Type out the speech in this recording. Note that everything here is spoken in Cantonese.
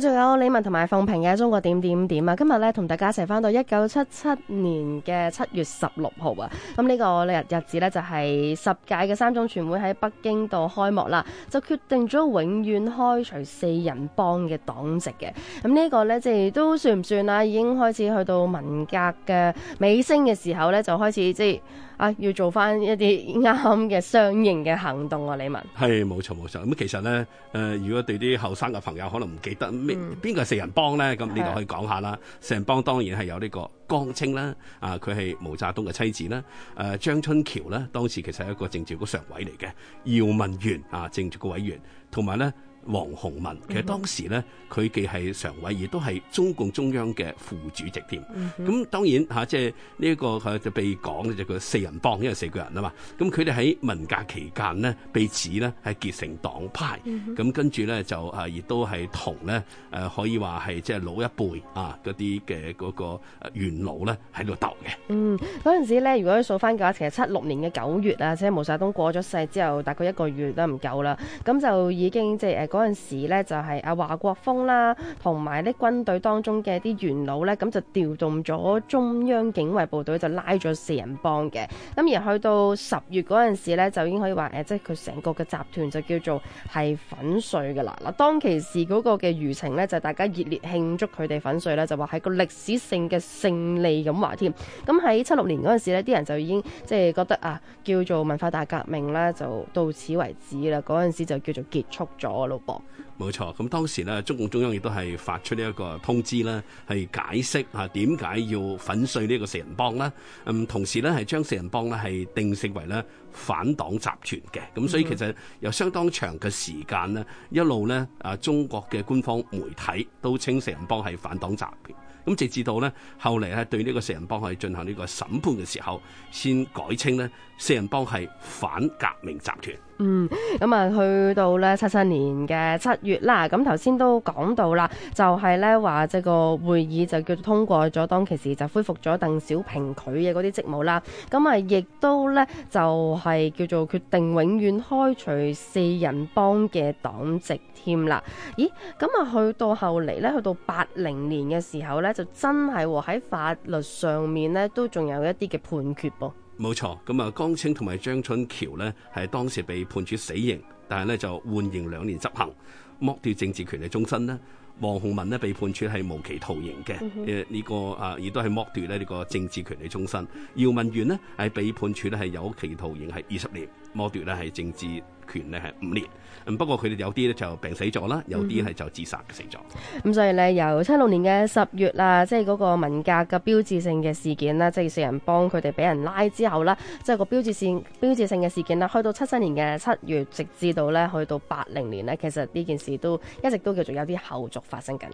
仲有李文同埋鳳平嘅《中國點點點》啊！今日咧同大家一齊翻到一九七七年嘅七月十六號啊！咁呢個日日子咧就係十屆嘅三中全會喺北京度開幕啦，就決定咗永遠開除四人幫嘅黨籍嘅。咁呢個咧即係都算唔算啊？已經開始去到文革嘅尾聲嘅時候咧，就開始即係啊要做翻一啲啱嘅相應嘅行動啊！李文係冇錯冇錯，咁，其實咧誒、呃、如果對啲後生嘅朋友可能唔記得。邊個係、嗯、四人幫咧？咁呢度可以講下啦。是的 四人幫當然係有呢個江青啦，啊佢係毛澤東嘅妻子啦，誒、啊、張春橋咧，當時其實係一個政治局常委嚟嘅，姚文元啊，政治局委員，同埋咧。王洪文其實當時呢，佢既係常委，亦都係中共中央嘅副主席添。咁、嗯、哼當然嚇，即係呢一個佢就被講咧，就叫、是這個啊、四人幫，因為四個人啊嘛。咁佢哋喺文革期間呢，被指呢係結成黨派。咁、嗯、哼跟住呢，就啊，亦都係同呢，誒、啊，可以話係即係老一輩啊嗰啲嘅嗰個元老呢喺度鬥嘅。鬥嗯，嗰陣時咧，如果數翻嘅話，其實七六年嘅九月啊，即係毛澤東過咗世之後，大概一個月都唔夠啦。咁就已經即係誒。呃嗰陣時呢，就係阿華國鋒啦，同埋呢軍隊當中嘅啲元老呢，咁就調動咗中央警衛部隊就拉咗四人幫嘅。咁而去到十月嗰陣時呢，就已經可以話誒，即係佢成個嘅集團就叫做係粉碎㗎啦。嗱，當其時嗰個嘅輿情呢，就大家熱烈慶祝佢哋粉碎啦，就話係個歷史性嘅勝利咁話添。咁喺七六年嗰陣時呢，啲人就已經即係覺得啊，叫做文化大革命呢，就到此為止啦。嗰陣時就叫做結束咗咯。哦，冇錯，咁當時咧，中共中央亦都係發出呢一個通知啦，係解釋嚇點解要粉碎呢個四人幫呢。嗯，同時咧，係將四人幫咧係定性為咧反黨集團嘅。咁所以其實有相當長嘅時間呢，一路呢啊，中國嘅官方媒體都稱四人幫係反黨集團。咁直至到呢，後嚟咧對呢個四人幫去進行呢個審判嘅時候，先改稱呢四人幫係反革命集團。嗯，咁啊，去到咧七七年嘅七月啦，咁頭先都講到啦，就係咧話，即個會議就叫做通過咗當其時就恢復咗鄧小平佢嘅嗰啲職務啦，咁啊亦都咧就係叫做決定永遠開除四人幫嘅黨籍添啦。咦，咁啊去到後嚟咧，去到八零年嘅時候咧，就真係喺法律上面咧都仲有一啲嘅判決噃。冇錯，咁啊江青同埋張春橋呢係當時被判處死刑，但係呢就緩刑兩年執行，剝奪政治權利終身呢，王洪文呢被判處係無期徒刑嘅，誒呢、嗯哼這個啊亦都係剝奪呢呢個政治權利終身。嗯、哼姚文元呢係被判處呢係有期徒刑係二十年，剝奪呢係政治。權咧係五年，咁不過佢哋有啲咧就病死咗啦，有啲係就自殺嘅死咗。咁、嗯、所以咧，由七六年嘅十月啊，即係嗰個文革嘅標誌性嘅事件啦，即係四人幫佢哋俾人拉之後啦，即係個標誌性標誌性嘅事件啦，去到七七年嘅七月，直至到咧去到八零年呢，其實呢件事都一直都叫做有啲後續發生緊。